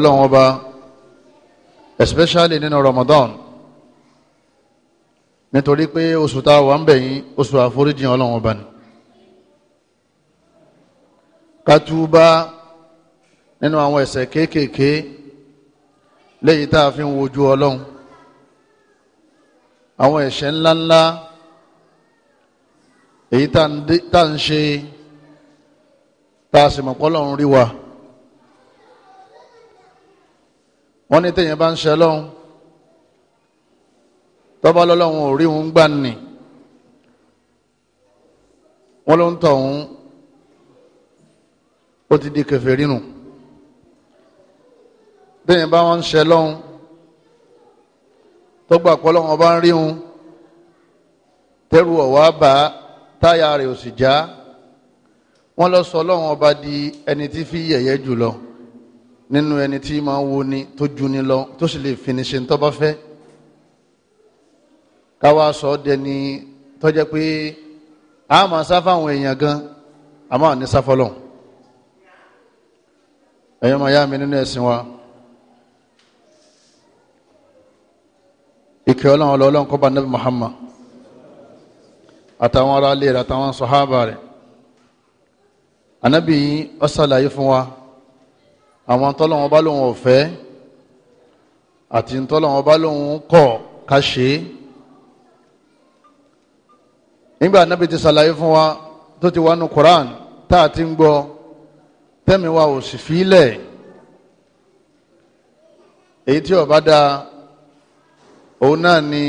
ọlọ́run ọba especially nínú Ramadan nítorí pé oṣù tá a wà ń bẹ̀ yín oṣù àforíjìn ọlọ́run ọba ni katuba nínú àwọn ẹ̀ṣẹ̀ kéékèèké léyìí tá a fi ń wojú ọlọ́run àwọn ẹ̀ṣẹ̀ ńláńlá èyí tá a ń ṣe tá a sì mọ̀ pé rí wa. wọ́n ní téèyàn bá ń ṣe lọ́hún tọ́ba lọ́lọ́hún ò rí òun gbà nì wọ́n ló ń tọ̀ òun ó ti di kẹfẹ́ rínu téèyàn bá wọn ń ṣe lọ́hún tọ́gbà pọ́lọ́hún ọba ń rí òun tẹ́rù ọ̀wá bá táyà rẹ̀ ò sì já wọ́n lọ sọ ọlọ́hún ọba di ẹni tí fi yẹ̀yẹ́ jù lọ nínú ẹni tí máa wo ni tó ju ni lọ tó sì lè finisi tó bá fẹ́ káwa sọ ọ́ dẹni tó jẹ́ pé a máa sá fáwọn èèyàn gan a máa ní sáfọ́lọ̀ ẹ̀yọ́ máa yá mi nínú ẹ̀sìn wa. ìkẹ́ ọlọ́run ọlọ́run kọ́ bá Muhammad àtàwọn ará ilé rẹ̀ àtàwọn sọ̀hábà rẹ̀ ànábì yìí fún wa àwọn tọ́lọ́wọ́n bá lóun ọ̀fẹ́ àti tọ́lọ́wọ́n bá lóun kọ̀ ká ṣe é nígbà anábì ti ṣàlàyé fún wa tó ti wá nu Quran tá a ti ń gbọ́ tẹ́mi wa ò sì fílẹ̀ èyí tí ó dáa òun náà ni.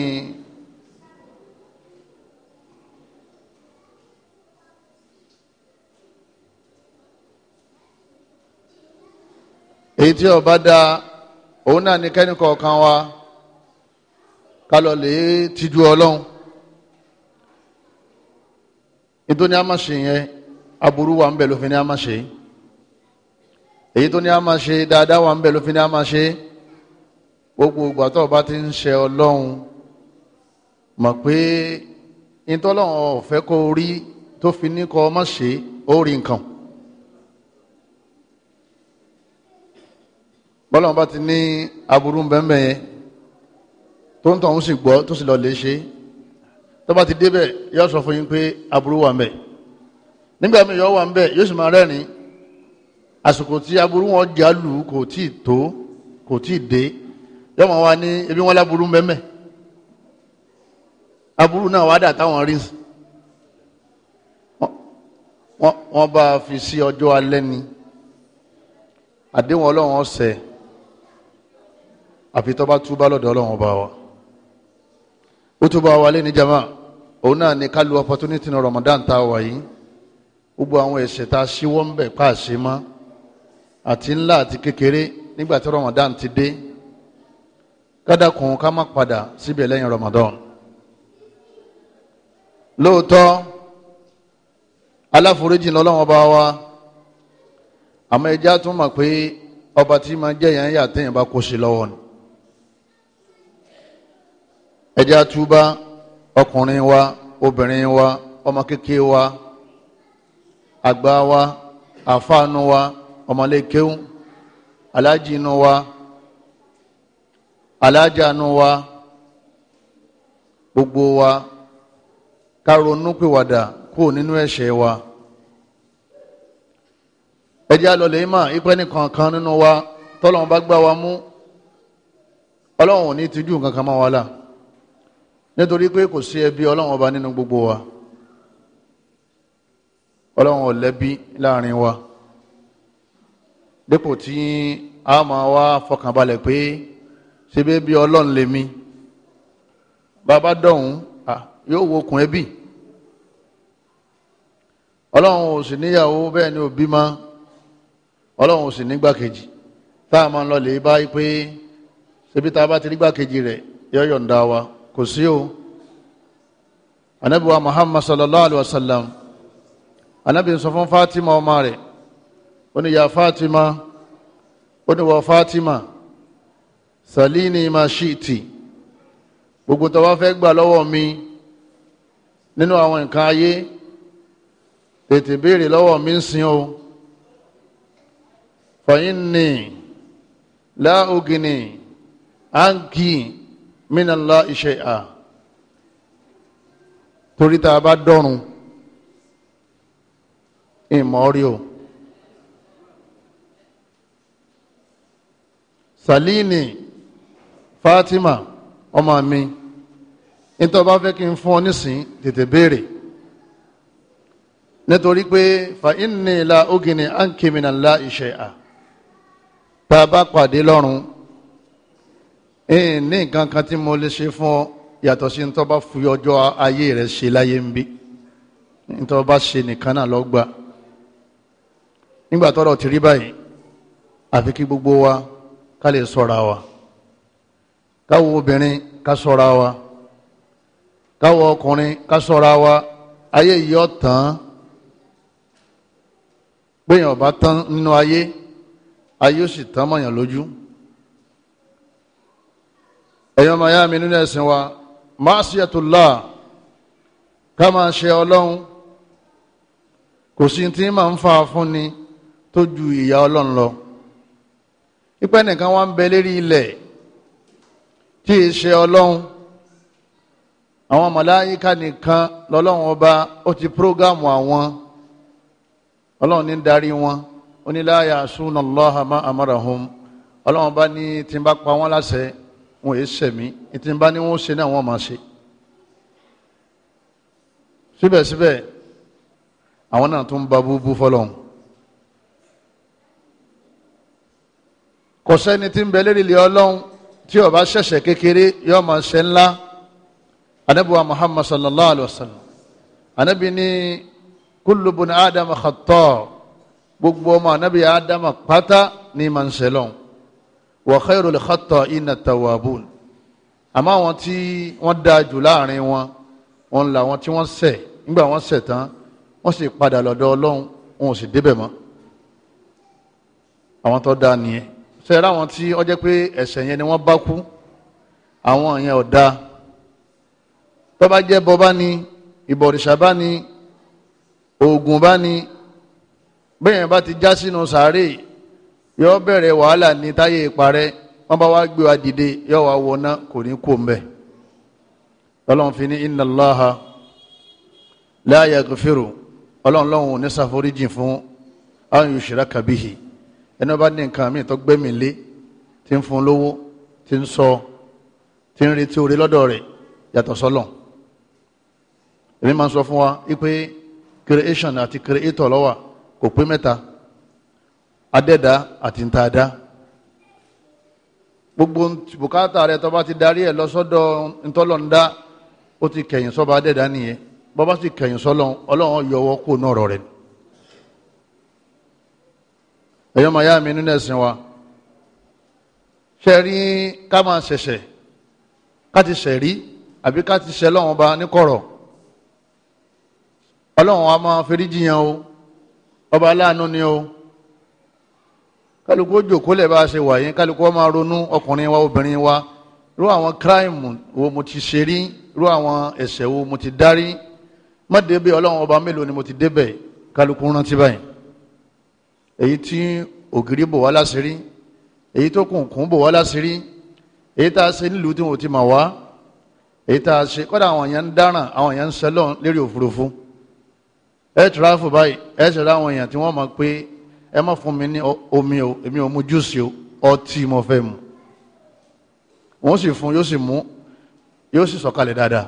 èyí tí ọba da òun náà ní kẹ́ni wa ká lọ lè ti ju ọlọ́run ètò n'i a máa ṣe yẹn aburú wa ń bẹ lófin ni a máa ṣe èyí tó ní a máa ṣe dáadáa wa ń bẹ lófin ni a máa ṣe gbogbo ìgbà tó ọba ti ń ṣe ọlọ́run mọ̀ pé ìtọ́lọ́run ọ̀fẹ́ kò rí tó fi ní kọ́ ọ má ṣe ó rí nǹkan. tọ́lọ́n bá ti ní aburú bẹ́ẹ̀ yẹn tó ń tọ̀ ń sì gbọ́ tó sì lọ lè ṣe tó bá ti débẹ̀ yóò sọ fún yín pé aburú wà ń bẹ̀ nígbà míì yóò wà ń bẹ̀ yóò sì máa rẹ́rìn àsìkò tí aburú wọn jà lù kò tí ì tó kò tí ì dé yóò máa wá ní ebi wọn láburú bẹ́ẹ̀ aburú náà wàá dà táwọn rí wọn bá fi sí ọjọ́ alẹ́ ni àdéhùn ọlọ́run ọ̀sẹ̀ àfi tó bá túbá lọ́dọ̀ ọlọ́run ọba wa ó túbá wa lé ní jama òun náà ni ká opportunity ní Ramadan tá a wà yìí gbogbo àwọn ẹ̀ṣẹ̀ tá a ṣíwọ́ ń bẹ̀ pa àṣẹ mọ́ àti ńlá àti kékeré nígbà tí Ramadan ti dé kádàkùn ká má padà síbẹ̀ lẹ́yìn Ramadan lóòótọ́ aláforíjì lọ́lọ́run ọba wa àmọ́ ẹja tún mọ̀ pé ọba tí máa jẹ́ yẹn yà téèyàn bá kó sí lọ́wọ́ ni ẹjẹ́ àtúbá ọkùnrin wa obìnrin wa ọmọ kékeré wa àgbà wa àfáànù wa ọmọlẹ́kẹ́hùn alájìnú wa alájànú wa gbogbo wa ká ronú pìwàdà kúrò nínú ẹ̀ṣẹ̀ wa ẹjẹ́ àlọ́lẹ̀ mà ipẹ́ nìkankan nínú wa tọ́lọ́run bá gbá mú ọlọ́run ò ní tijú nǹkan kan mọ́ láà nítorí pé kò sí ẹbí ọlọ́run ọba nínú gbogbo wa ọlọ́run ọ̀lẹ́bí láàrin wa dépò tí a máa wá fọkànbalẹ̀ pé ṣe bí ẹbí ọlọ́run lèmi bàbá dọ̀hún yóò wo okùn ẹbí ọlọ́run ò sì níyàwó bẹ́ẹ̀ ni òbí máa ọlọ́run ò sì nígbàkejì tá a máa lọ lè bá pé ṣebí tá a bá ti nígbàkejì rẹ̀ yọ̀yọ̀ ń dá wa kò sí o anabi wa muhammad sallallahu alaihi wa sallam anabi sọ fún fatima ọmọ rẹ̀ ó ní ya fatima ó ní wọ fatima salini ma shi'ti gbogbo tó bá fẹ́ gbà lọ́wọ́ mi nínú àwọn nǹkan ayé tètè béèrè lọ́wọ́ mi ń sin o fàyín ni láògìnì áńkì mínàlá iṣẹ́ à. torí tá a bá dọ́run o. Salini Fatima ọmọ mi nítorí bá fẹ́ kí n fún ọ nísìn tètè béèrè nítorí pé fa la ogini anki la iṣẹ́ à a bá pàdé lọ́run ẹ̀ ní nǹkan kan tí mo lè ṣe fún ọ. yàtọ̀ sí ntọ́ bá fi ọjọ́ ayé rẹ̀ ṣe láyé ń bí ntọ́ bá ṣe nìkan náà lọ́gbà nígbà tọ́rọ̀ ti rí báyìí àfi kí gbogbo wa ká lè ṣọ́ra wa káwọ obìnrin ká ṣọ́ra wa káwọ ọkùnrin ká ṣọ́ra wa ayé yìí ọ̀tàn gbẹ̀yìn ọ̀bá tán nínú ayé ayé ó sì tán mọ̀yàn lójú ẹ̀yọ́ nínú ẹ̀sìn wa maṣiyatullah ká máa ṣe ọlọ́run kò sí tí máa ń fa fúnni tó ju ìyà ọlọ́run lọ ipẹ́ nìkan wá ń bẹ lérí ilẹ̀ tí ì ṣe ọlọ́run àwọn màláíkà nìkan lọ́lọ́run ọba ó ti prógámù àwọn ọlọ́run ní darí wọn oníláyà súnà lọ́hàmá àmọ́ràn ọlọ́run ọba ní tí ń bá pa wọ́n láṣẹ wọn èé sẹ̀mí ètí bá ní wọn ṣe náà wọn máa ṣe síbẹ̀síbẹ̀ àwọn náà tún ba búbú fọlọ́n kò sẹ́ni tí ń bẹ lérí ilé ọlọ́run tí ó ṣẹ̀ṣẹ̀ kékeré yóò máa ṣe ńlá anabiwa muhammad sallallahu alaihi wa sallam anabi ni kullu bun khatọ gbogbo ọmọ anabi adama pátá ní manselọ́n wa khairul khatta'ina tawabun àmọ́ àwọn tí wọ́n dáa jù láàrin wọn wọn là wọn tí wọ́n ṣẹ̀ nígbà wọ́n ṣẹ̀ tán wọ́n sì padà lọ́dọ̀ Ọlọ́run wọn ò sì débẹ̀ mọ́ àwọn tó dáa nìyẹn sẹ́yìn àwọn tí ó pé ẹ̀ṣẹ̀ yẹn ni wọ́n bá kú àwọn yẹn ò dáa tó jẹ́ bọ́ bá ní ìbọ̀rìṣà bá ní oògùn bá ní bẹ́ẹ̀ yẹn bá ti já sínú sàárè yọ bẹrẹ wàhálà ní táyé ìparẹ́ wọn bá wá gbé wa dìde yọ wá wọná kò ní kó mbẹ ọlọ́run fi ní inna Allaha la yaghfiru ọlọ́run lọ́hùn ní ṣàforíjìn fún an yushraka bihi ẹni wọ́n bá ní nǹkan mi tó gbẹ́mí lé tí ń fún lówó tí ń sọ tí ń retí orí lọ́dọ̀ rẹ̀ yàtọ̀ sọ́lọ̀ èmi máa ń sọ fún wa wípé creation àti creator ló wà kò pé mẹta. adẹ́dá àti ntaadá gbogbo bùkátà rẹ tó bá ti darí ẹ lọ́sọ́dọ̀ ntọ́lọ́ndá ó ti kẹ̀yìn sọ́ba adẹ́dá nìyẹn bọ́bá sì kẹ̀yìn sọ́lọ́n ọlọ́run yọwọ́ kó náà rọ̀ rẹ̀ ẹ̀yọ́ màá yá mi nínú ẹ̀sìn wa ṣe ká máa ṣẹ̀ṣẹ̀ ká ti ṣẹ̀ àbí ká ti ṣẹ̀ lọ́wọ́n ba níkọ̀rọ̀ ọlọ́run a máa feríjìyàn o ọba aláàánú ni o kálukú ó jòkó lẹ̀ bá a ṣe wà yẹn kálukú ó máa ronú ọkùnrin wa obìnrin wa irú àwọn kíráìmù wo mo ti ṣe rí irú àwọn ẹ̀ṣẹ̀ wo mo ti dárí má débẹ̀ ọlọ́run ọba mélòó ni mo ti débẹ̀ kálukú rántí báyìí èyí tí ògiri bò wá láṣìírí èyí tó kùnkùn bò wá láṣìírí èyí tá a ṣe nílùú tí wọn ti mà wá èyí tá a ṣe kọ́dà àwọn èèyàn ń dáràn àwọn èèyàn ń sẹ́lọ̀ lérí òfurufú ẹ̀ tìráfù báyìí ẹ̀ ṣẹ̀dá àwọn èèyàn tí wọ́n mọ̀ pé ẹ má fún mi ní omi o èmi ò mu júùsì o ọtí mo fẹ́ mu wọ́n sì fún yóò sì mú yóò sì sọ̀kalẹ̀ dáadáa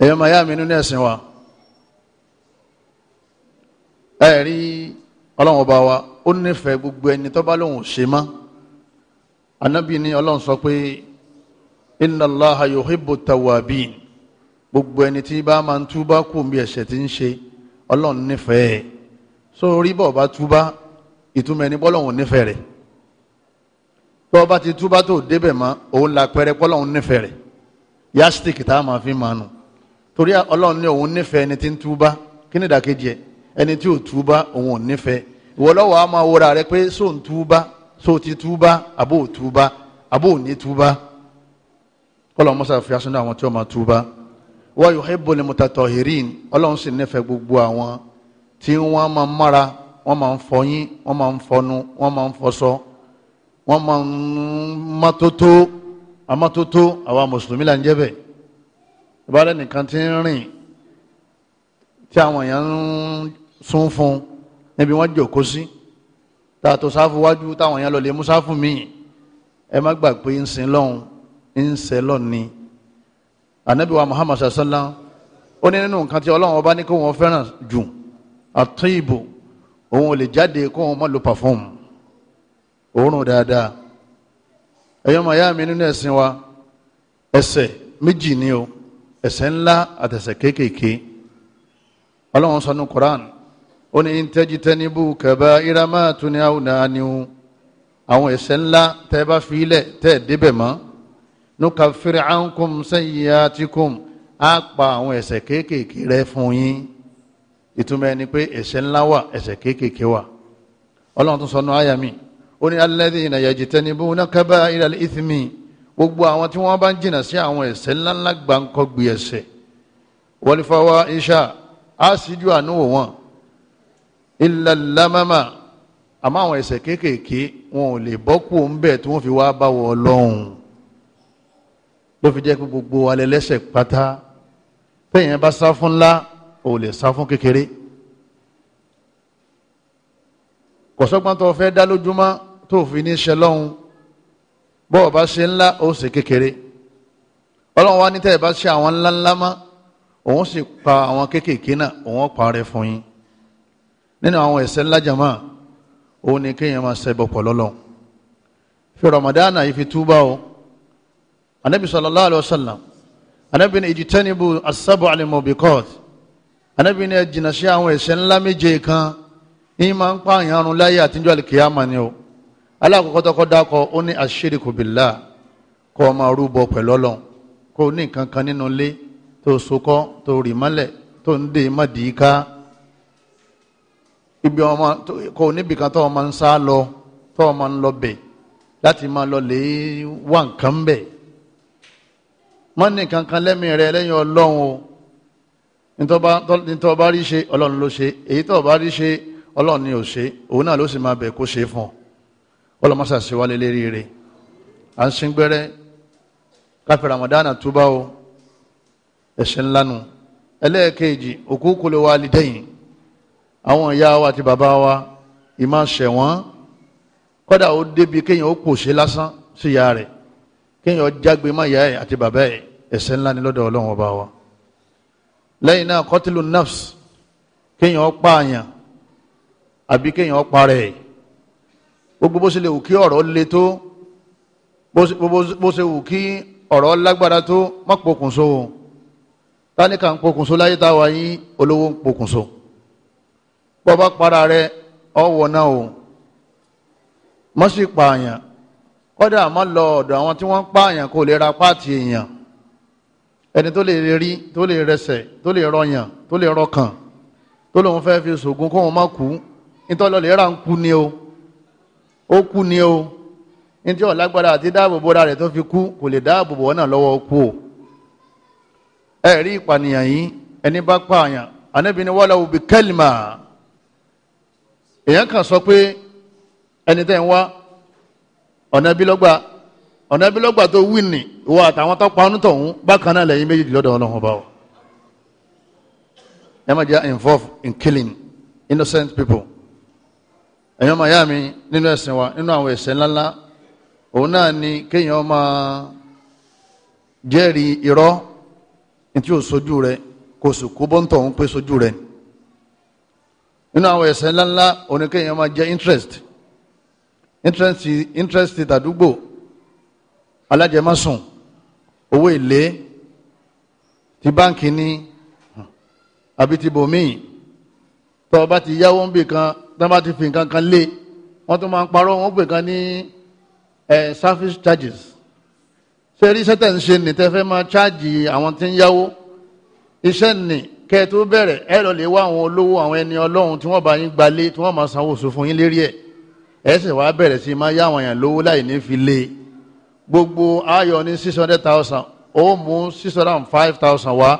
èèyàn máa yá mi nínú ẹ̀sìn wa ẹ rí ọlọ́run ọba wa ó nífẹ̀ẹ́ gbogbo ẹni tó bá lóun ò ṣe mọ́ anábì ní ọlọ́run sọ pé inna Allaha yuhibbu tawabin gbogbo ẹni tí bá máa ń túbá kù bí ẹ̀ṣẹ̀ tí ń ṣe ọlọ́run nífẹ̀ẹ́ sórí bọ́ọ̀ bá túbá ìtumọ̀ ẹni bọ́lọ́hún nífẹ̀ẹ́ rẹ̀ tọ́ bá ti túbá tó débẹ̀ mọ́ òun la pẹ́rẹ́ bọ́lọ́hún nífẹ̀ẹ́ rẹ̀ yastik tá a máa fi máa nù torí ọlọ́run ní òun nífẹ̀ẹ́ ẹni tí ń túbá kí ni ìdàkejì ẹ ẹni tí ò túbá òun ò nífẹ̀ẹ́ ìwọ lọ́wọ́ a máa wọra rẹ pé sóò ń túbá sóò ti túbá àbò ò túbá àbò ò ní túbá ọlọ́run mọ́sá fi asúnú àwọn tí wọ́n máa túbá wa yuhibbul mutatahhirin ọlọ́run sì nífẹ̀ẹ́ gbogbo àwọn tí wọ́n máa ń mára wọ́n máa ń fọyín wọ́n máa ń fọnu wọ́n máa ń fọṣọ wọ́n máa ń mọ́tótó amọ́tótó àwa mùsùlùmí là ń jẹ́ bẹ́ẹ̀ ìbára nìkan ti ń rìn tí àwọn èèyàn ń sún fún níbi wọ́n jòkó sí tá a tó sáfù wájú táwọn èèyàn lọ lè mú sáfù míì ẹ má gbà pé ń sin lọ́hùn ń sẹ lọ́ni ànábì wa Muhammad ó ní nínú nǹkan tí Ọlọ́run ọba ní kó wọn fẹ́ràn jù àtúnyìnbó òun ò lè jáde kó òun má lo perfume òórùn dáadáa ẹ̀yọ́ màá yá mi nínú ẹ̀sìn wa ẹ̀ṣẹ̀ méjì ni o ẹ̀ṣẹ̀ ńlá àtẹ̀ṣẹ̀ kéékèèké ọlọ́run sọ ní Quran ó ní tẹ́jítẹ́nibú kẹba irama tuni awuna aniwu àwọn ẹ̀ṣẹ̀ ńlá tẹ́ bá fi ilẹ̀ tẹ́ débẹ̀ mọ́ nuka firi ankum sayyiatikum á pa àwọn ẹ̀ṣẹ̀ kéékèèké rẹ́ fún yín ìtumọ̀ ẹni pé ẹ̀ṣẹ̀ ńlá wà ẹ̀ṣẹ̀ kéékèèké wà ọlọ́run tún sọnù àyà mi ó ní alladhina yajtanibuna kaba'ira al-ithmi gbogbo àwọn tí wọ́n bá ń jìnnà sí àwọn ẹ̀ṣẹ̀ ńláńlá gbàǹkọ́gbì ẹ̀ṣẹ̀ wal fawahisha á síjú àánú wò wọ́n illa al-lamama àmọ́ àwọn ẹ̀ṣẹ̀ kéékèèké wọn ò lè bọ́ kú òun bẹ́ẹ̀ tí wọ́n fi wá bá wọ ọlọ́run ló fi jẹ́ pé gbogbo alẹ́ lẹ́ṣẹ̀ pátá bẹ́ẹ̀ yẹn bá sá fún ńlá o lè sá fún kékeré kọ̀sọ́gbọ́n tó fẹ́ dá lójúmọ́ tó fi ní ṣe lọ́hùn bọ́ ọ bá ṣe ńlá ó ṣe kékeré ọlọ́run wá ní tẹ́ ẹ bá ṣe àwọn ńláńlá mọ́ òun sì pa àwọn kéékèèké náà òun parẹ́ fún yín nínú àwọn ẹ̀ṣẹ̀ ńlá jàmá òun ni kéèyàn máa ṣẹbọ pọ̀ lọ́lọ́run fi ramadana yìí fi túbà o anabi sallallahu alayhi wa sallam anabi ni ijitanibu asabu alimobikot. Al anabi ni ẹ jìnnà sí àwọn ẹ̀ṣẹ̀ ńlá méje kan ní máa ń pa àyàrun láyé àtijọ́ àlìkìyàmà ni o alákọ̀ọ́kọ́ tọkọ dákọ̀ ó ní àṣírìkù bìlá kọ́ ọ máa rúbọ pẹ̀lú ọlọ́run kó o ní nǹkan kan nínú ilé tó o sokọ́ tó o rì mọ́lẹ̀ tó ń dè má dì í ká ibi ọmọ kó o níbi kan tó o máa ń sá lọ tó o máa ń lọ bẹ̀ láti máa lọ lè wá nǹkan bẹ̀ mọ́ ní nǹkan kan lẹ́mìí rẹ lẹ́yìn ọlọ́run o nítọ́ba rí ṣe ọlọ́run ló ṣe èyí tó bá rí ṣe ọlọ́run ni ò ṣe òun náà ló sì máa bẹ̀ kó ṣe fún ọ ọlọ́mọṣà ṣe wálé lérí rẹ̀ à ń sin gbẹ́rẹ́ káfí ramadana túbá o ẹ̀ṣẹ̀ ńlá nu ẹlẹ́ẹ̀kejì òkú kò lè wá àwọn ìyá wa àti bàbá wa ìmá ṣẹ̀ wọ́n kọ́dà ó débi kéèyàn ó pòṣe lásán sí ìyá rẹ̀ kéèyàn jágbe má ìyá ẹ̀ àti bàbá ẹ̀ ẹ̀ṣẹ̀ ńlá ni lọ́dọ̀ ọlọ́run ọba wa lẹ́yìn náà kọ́tìlù nafs kéèyàn pààyàn àbí kéèyàn parẹ́ gbogbo bó ṣe lè wù kí ọ̀rọ̀ le tó bó ṣe wù kí ọ̀rọ̀ lágbára tó má pokùnso táníkà ń pokùnso láyé táwa yín olówó ń pokùnso bọ́ bá para rẹ ọ̀wọ̀ náà o mọ́ sí pààyàn kọ́dà má lọ ọ̀dọ̀ àwọn tí wọ́n ń pààyàn kò lè ra páàtì èèyàn ẹni tó lè rí tó lè rẹsẹ̀ tó lè rọyàn tó lè rọkàn tó lòun fẹ́ fi ṣògùn kóun má kú nítorí lè ra ń kú ni o ó kú ni o nítorí ọ̀lágbára àti dáàbòbò rẹ̀ tó fi kú kò lè dáàbòbò ọ̀nà lọ́wọ́ kú o ẹ rí ìpànìyàn yìí ẹni bá pààyàn ànábì ni wàhálà òbí kẹ́lìmà èèyàn kan sọ pé ẹni tẹ́ ń wá ọ̀nà bí lọ́gbà ọ̀nà bí lọ́gbà tó wí ni ìwọ àtàwọn tó pa ọ́nú tọ̀hún bákan náà lẹ́yìn méjì lọ́dọ̀ ọlọ́run bá wọ. ẹ má jẹ́ involve in killing innocent people. ẹ̀yin ọmọ ìyá mi nínú ẹ̀sìn wa nínú àwọn ẹ̀ṣẹ̀ ńláńlá òun náà ni kéèyàn máa jẹ́rìí irọ́ tí ò sojú rẹ̀ kò sì kó bọ́ńtọ̀ ń pé sojú rẹ̀ ni. nínú àwọn ẹ̀ṣẹ̀ ńláńlá òun ni kéèyàn máa jẹ́ interest interest interest tàdúgbò alájẹmọ́sùn owó èlé ti báǹkì ní àbí ti bòmíì tọ́ ọba ti yáwó ń bì kan tí wọ́n bá ti fi nǹkan kan lé wọ́n tún máa ń parọ́ wọ́n pè kan ní service charges ṣe rí iṣẹ́ tẹ̀ ń ṣe ní tẹ́ fẹ́ máa ṣáàjì àwọn tí ń yáwó iṣẹ́ nì kẹ́ ẹ tó bẹ̀rẹ̀ ẹ lọ lè wá àwọn olówó àwọn ẹni ọlọ́run tí wọ́n bá yín gbalé tí wọ́n máa sanwó oṣù fún yín lérí ẹ̀ ẹ̀ sì wá bẹ̀rẹ̀ sí máa yá àwọn èèyàn lówó láì ní fi lé e gbogbo ayọ̀ ní six hundred thousand ó mú six hundred and five thousand wá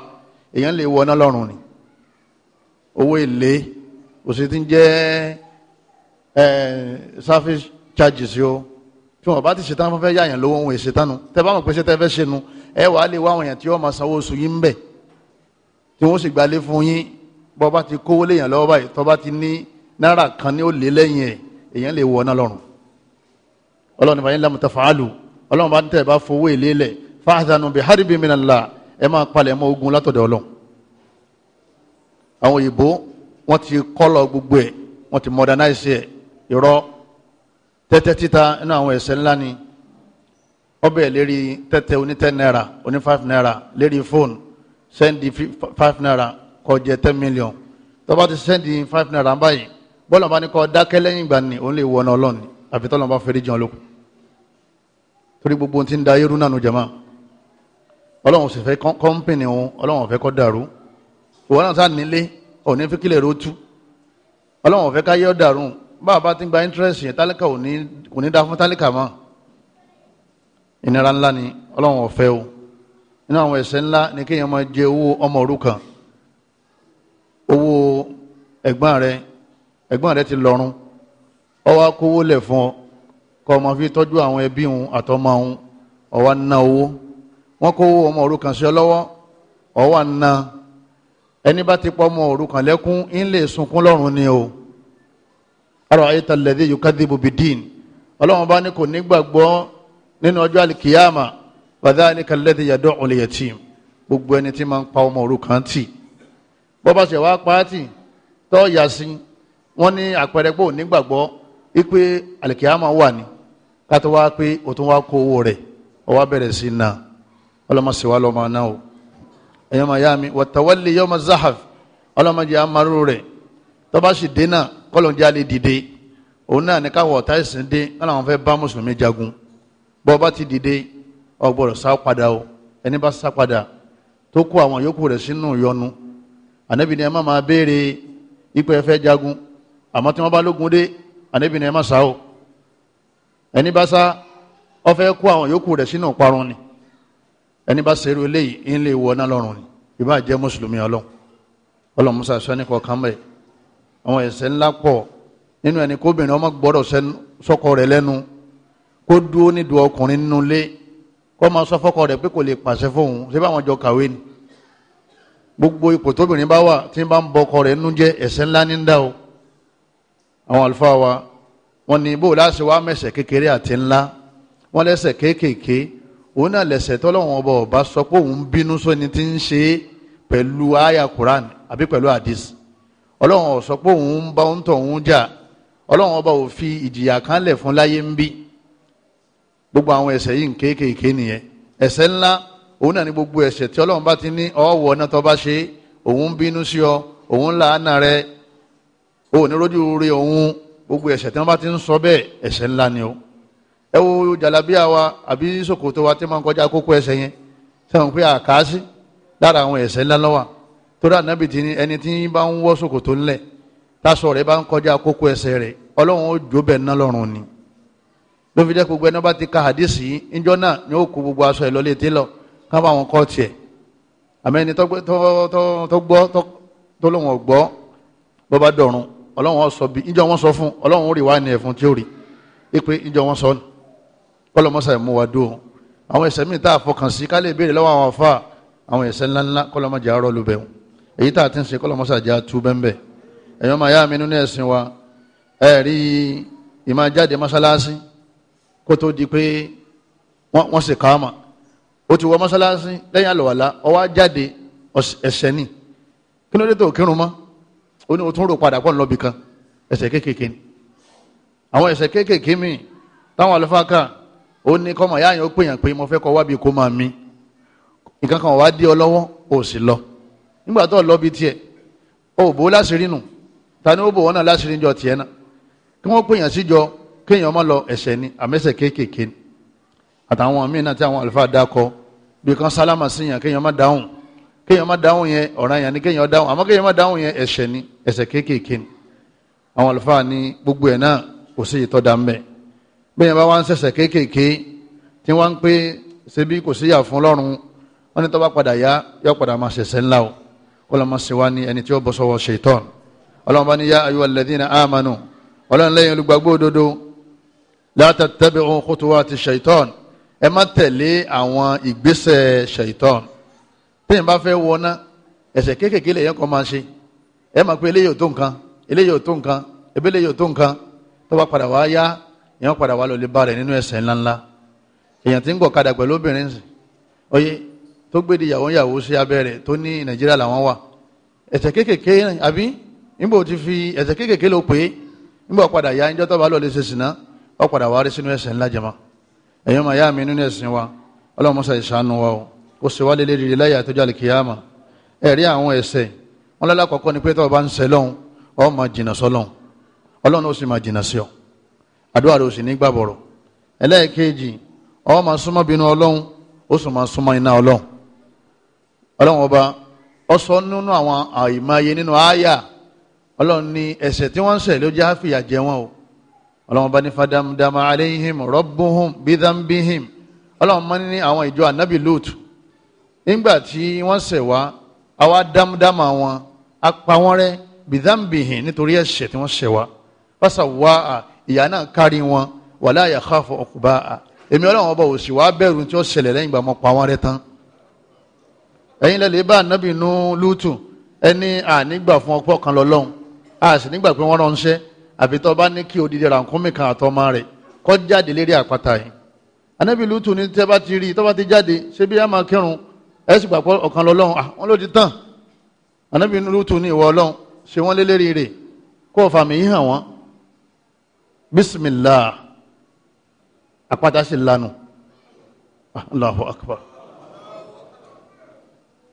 èèyàn lè wọ ọ́nà lọ́rùn ni owó èlé òsì ti ń jẹ́ service charges yo. tí wọn bá ti ṣetán fún fẹ́ yáyàn lówó ohun ìṣetánu tẹ bá mọ̀ pé ṣetán fẹ́ ṣẹnu ẹ wàá lè wá àwọn èèyàn tí wọ́n máa sanwó oṣù yín bẹ̀ tí wọ́n sì gbalé fún yín bọ́ bá ti kówó léèyàn lọ́wọ́ báyìí tọ́ bá ti ní náírà kan ní ó lé lẹ́yìn ẹ̀ èèyàn lè wọ lọ́rùn ọlọ́run ìbáyé ńlá mọ̀tàfàálù ọlọ́run bá ń tẹ̀ bá fowó èlé lẹ̀ fáhàzánù bíi haribi minallah ẹ máa palẹ̀ mọ́ ogun látọ̀dọ̀ ọlọ́run àwọn òyìnbó wọ́n ti kọ́lọ̀ gbogbo ẹ̀ wọ́n ti modernize ẹ̀ irọ́ tẹ́tẹ́ títa inú àwọn ẹ̀ṣẹ̀ ńlá ni ọbẹ̀ lérí tẹ́tẹ́ oní ten naira oní five naira lérí fóònù sẹ́ndì five naira kọjẹ ten million tó bá ti sẹ́ndì five naira báyìí bọ́lá bá ní kọ́ dákẹ́ lẹ́yìn ìgbà ni òun lè wọ ọ̀nà ọlọ́ọ̀ni àfi tọ́lọ́ bá fẹ́rí jẹun lókun torí gbogbo ti ń da ayérú náà nu jama ọlọ́run sì fẹ́ kọ́ńpìnì òun ọlọ́run fẹ́ kọ́ dàrú òun náà sáà nílé òní fíkìlẹ̀ ró tú ọlọ́run fẹ́ káyọ́ dàrú báwa ti ń gba interest yẹn tálíkà kò ní dá fún tálíkà mọ́ ìnira ńlá ni ọlọ́run ọ̀fẹ́ o nínú àwọn ẹ̀ṣẹ̀ ńlá ni kéèyàn máa jẹ owó ọmọ òrukàn owó ẹ̀gbọ́n rẹ ẹ̀gbọ́n rẹ ti lọ́rùn ó wá kówó fún ọ kọ́ ọmọ fi tọ́jú àwọn ẹbí òun àtọmọ òun ọwọ́ ń ná owó wọ́n kó owó ọmọ òrukàn sí ọ lọ́wọ́ ọwọ́ ná ẹni bá ti pọ́ ọmọ òrukàn lẹ́kún ń lè sunkún lọ́rùn ni o ara'ayta alladhi yukadhibu bid-din ọlọ́run bá ní kò nígbàgbọ́ nínú ọjọ́ àlìkìyàmà wa dhalika alladhi yad'u al-yatim gbogbo ẹni tí máa ń pa ọmọ òrukàn tì bọ́bá ṣe wá pa á tì tọ́ yà wọ́n ní àpẹẹrẹ pé ò nígbàgbọ́ wípé àlìkìyàmà wà ní kátó wá pé o tún wá kó owó rẹ̀ o wá bẹ̀rẹ̀ sí náà ọlọ́mọsí wa lọ́mọ náà o ẹ̀yọ́ máa yá mi wàtàwálé yọ́mọ zahaf ọlọ́mọdé amáró rẹ̀ tọ́ba sì dé náà kọ́lọ́njẹ́ alẹ́ dìde òun náà ní káwọ̀ ọ̀tá ìsìn dé kọ́lọ́ àwọn fẹ́ bá mùsùlùmí jagun bọ́ ọba ti dìde o gbọ́dọ̀ sá padà o ẹni bá sá padà tó kó àwọn yòókù rẹ̀ sínú yọnu ànábì ni ẹ má máa béèrè ipò ẹ fẹ́ jagun àmọ́ tí wọ́n bá lógun dé ànábì ni ẹ má sá o ẹni bá sá ó fẹ́ kó àwọn yòókù rẹ̀ sínú parun ni ẹni bá ṣerú eléyìí ń lè wọ náà lọ́rùn ni ìbá jẹ́ mùsùlùmí ọlọ́run ọlọ́run musa sọ ní kọ̀ọ̀kan bẹ́ẹ̀ àwọn ẹ̀ṣẹ̀ ńlá pọ̀ nínú ẹni kóbìnrin ọmọ gbọ́dọ̀ sọ́kọ rẹ̀ lẹ́nu kó dúró ní ọkùnrin nínú ilé kó máa sọ fọ́kọ rẹ̀ pé kò lè pàṣẹ fóun ṣé báwọn jọ kàwé ni gbogbo ipò tóbìnrin bá wà tí ń bá ń bọ rẹ̀ nínú jẹ́ ẹ̀ṣẹ̀ ńlá ní ń dá o àwọn àlùfáà wa wọ́n ní bó láṣẹ wá mẹ̀sẹ̀ kékeré àti ńlá wọ́n lẹ́sẹ̀ kéékèèké òun náà lẹ́sẹ̀ tọ́lọ́wọ́n ọba ọba sọ pé òun bínú sóni tí ń ṣe pẹ̀lú aya Quran àbí pẹ̀lú hadith ọlọ́run ó sọ pé òun ń bá òun tọ̀ òun jà ọlọ́run ọba ò fi ìjìyà kan lẹ̀ fún láyé ń bí gbogbo àwọn ẹ̀ṣẹ̀ yìí ń kéékèèké nìyẹn ẹ̀ṣẹ̀ ńlá òun náà ní gbogbo ẹ̀ṣẹ̀ tí ọlọ́run bá ti ní ọ̀wọ́ náà tó bá ṣe òun bínú sí ọ òun làánà rẹ òun ní rójú rí òun gbogbo ẹ̀ṣẹ̀ tí wọ́n bá ti ń sọ bẹ́ẹ̀ ẹ̀ṣẹ̀ ńlá ni o ẹ wo jalabiya wa àbí ṣòkòtò wa tí wọ́n kọjá kókó ẹsẹ̀ yẹn sẹ́wọ̀n pé àkáàsì lára àwọn ẹ̀ṣẹ̀ ńlá lọ́wọ́ torí ànábì tí ni ẹni tí bá ń wọ́ ṣòkòtò ńlẹ̀ táṣọ rẹ̀ bá ń kọjá kókó ẹsẹ̀ rẹ̀ ọlọ́run ó jó bẹ́ẹ̀ ná lọ́rùn ni ló fi jẹ́ gbogbo ẹni bá ti ka hadisi ìjọ náà ni ó kó gbogbo aṣọ ẹ̀ lọ létí lọ ká bá wọn kọ́ tiẹ̀ àmẹ́ni tó gbọ́ tó lóun ọ̀gbọ́ bọ́ bá dọ̀run ọlọ́run ó sọ bí ìjọ wọn sọ fún ọlọ́run ó rí wá ní ẹ̀fún tí ó rí i pé ìjọ wọn sọ ni kọlọmọsà ẹ̀ mú wa dó àwọn ẹ̀ṣẹ̀ míì tá a fọkàn sí ká lè béèrè lọ́wọ́ àwọn afa àwọn ẹ̀ṣẹ̀ ńláńlá kọlọmọjà arọ́ ló bẹ̀rù èyí tá a ti ń ṣe kọlọmọsà já tú bẹ́ńbẹ́ ẹ̀yọ́n máa yá mi nínú ẹ̀sìn wa ẹ̀ rí ìmọ̀ jáde mọ́sálásí kó tó di pé wọ́n sì ká mà ó ti wọ mọ́sálásí lẹ́yìn àlọ́wàlá ó wá jáde ẹ̀ṣẹ̀ ni kí ló dé tó kírun mọ́ ó ní o tún rò padà kọ́ ń lọ bì kan ẹsẹ̀ kéékèèké ni àwọn ẹsẹ̀ kéékèèké mi táwọn àlùfáà kà ó ní kọ́mọ ìyá yẹn ó pè yàn pé mo fẹ́ kọ́ wábi kó máa mi nǹkan kan wà á di ọ lọ́wọ́ ò sì lọ nígbà tó lọ tiẹ̀ ó bò ó láṣìírí nù ta ni ó bò wọn náà láṣìírí jọ tiẹ̀ náà kí wọ́n pè yàn jọ kéèyàn má lọ ẹsẹ̀ ni àmẹ́sẹ̀ kéékèèké ni àtàwọn míì náà tí àwọn àlùfáà dákọ bí kan sálámà síyàn kéèyàn má dáhùn kéèyàn má dáhùn yẹn ọ̀ràn yẹn ni kéèyàn dáhùn àmọ́ kéèyàn má dáhùn yẹn ẹ̀ṣẹ̀ ni ẹ̀ṣẹ̀ kéékèèké ni àwọn àlùfáà ní gbogbo ẹ̀ náà kò sí ìtọ́da ń bẹ̀ bẹ́ẹ̀ bá wá ń ṣẹ̀ṣẹ̀ kéékèèké tí wọ́n ń pé ṣebí kò sí yà fún lọ́rùn wọ́n ní tó bá padà yá yọ padà máa ṣẹ̀ṣẹ̀ ńlá o kó lọ́ máa ṣe wá ní ẹni tí ó bọ́ sọ́wọ́ ṣètọ́n ọlọ́run bá ní téèyàn bá fẹ́ wọná ẹ̀ṣẹ̀ kéékèèké lèyàn kan máa ṣe ẹ máa pe eléyìí ò tó nǹkan eléyìí ò tó nǹkan ebe eléyìí ò tó nǹkan tó bá padà wá yá èèyàn padà wá lọlé bá rẹ̀ nínú ẹ̀ṣẹ̀ ńláńlá èèyàn ti ń gbọ̀ kadà pẹ̀lú obìnrin sì oye tó gbé di ìyàwó ìyàwó sí abẹ́ rẹ̀ tó ní nàìjíríà làwọn wà ẹ̀ṣẹ̀ kéékèèké àbí níbo ti fi ẹ̀ṣẹ̀ kéékèèké ló pè é níbo padà yá ẹjọ́ tó bá lọlé ṣe sìnà ó padà wá rí sínú ẹ̀ṣẹ̀ ńlá jẹma èèyàn máa yá mi nínú ẹ̀sìn wa ọlọ́run mọ́sá ìṣàánú wa o. ó sì wálé lérí láyé àtọ́jọ́ àlìkìyàmà ẹ̀rí àwọn ẹ̀ṣẹ̀ wọn lálákọ̀ọ́kọ́ ni pé tọ́wọ́ bá ń ṣẹ̀ lọ́hùn ó máa jìnnà sọ́lọ́hùn ọlọ́run ó sì máa jìnnà sí ọ àdúrà rẹ ó sì ní gbàbọ̀rọ̀ ẹlẹ́ẹ̀kejì ó máa súnmọ́ bínú ó sì súnmọ́ iná ọlọ́run ọba ó sọ nínú àwọn àìmáyé nínú àyà ọlọ́run ní tí wọ́n ń ló jẹ́ àfìyà jẹ wọn o ọlọ́run ní aleihim rọ́bùhùn ọlọ́run ní àwọn nígbà tí wọ́n ṣẹ̀ wá àwa dámdámà wọn a pa wọ́n rẹ́ bìdánbìhìn nítorí ẹ̀ṣẹ̀ tí wọ́n ṣẹ̀ wá fásà wá à ìyá náà kárí wọn wàlá yakhafu uqba à èmi ọlọ́run ọba òsì wàá bẹ̀rù tí ó ṣẹlẹ̀ lẹ́yìn ìgbà mọ́ pa wọ́n rẹ́ tán ẹ̀yin lẹ́lẹ́ bá ànábì nú lútù ẹni ànígbà fún ọpọ́ kan lọ́lọ́run a sì nígbà pé wọ́n ránṣẹ́ àfi tó bá ní kí odidi rànkúnmí kan àtọmọ rẹ̀ kó jáde lérí àpáta yìí ànábì lútù ní tẹ́ bá ti rí tó bá ti jáde ṣé bí a máa kírun ẹ sì gbàgbọ́ ọ̀kan lọ́lọ́run àwọn ah, ló ti tàn ànábì lùtù ní ìwọ ọlọ́run ṣe wọ́n lélẹ́rìí rè kó o fàmì yín hàn wọ́n bisimilah àpáta sì lanu ah, allahu akbar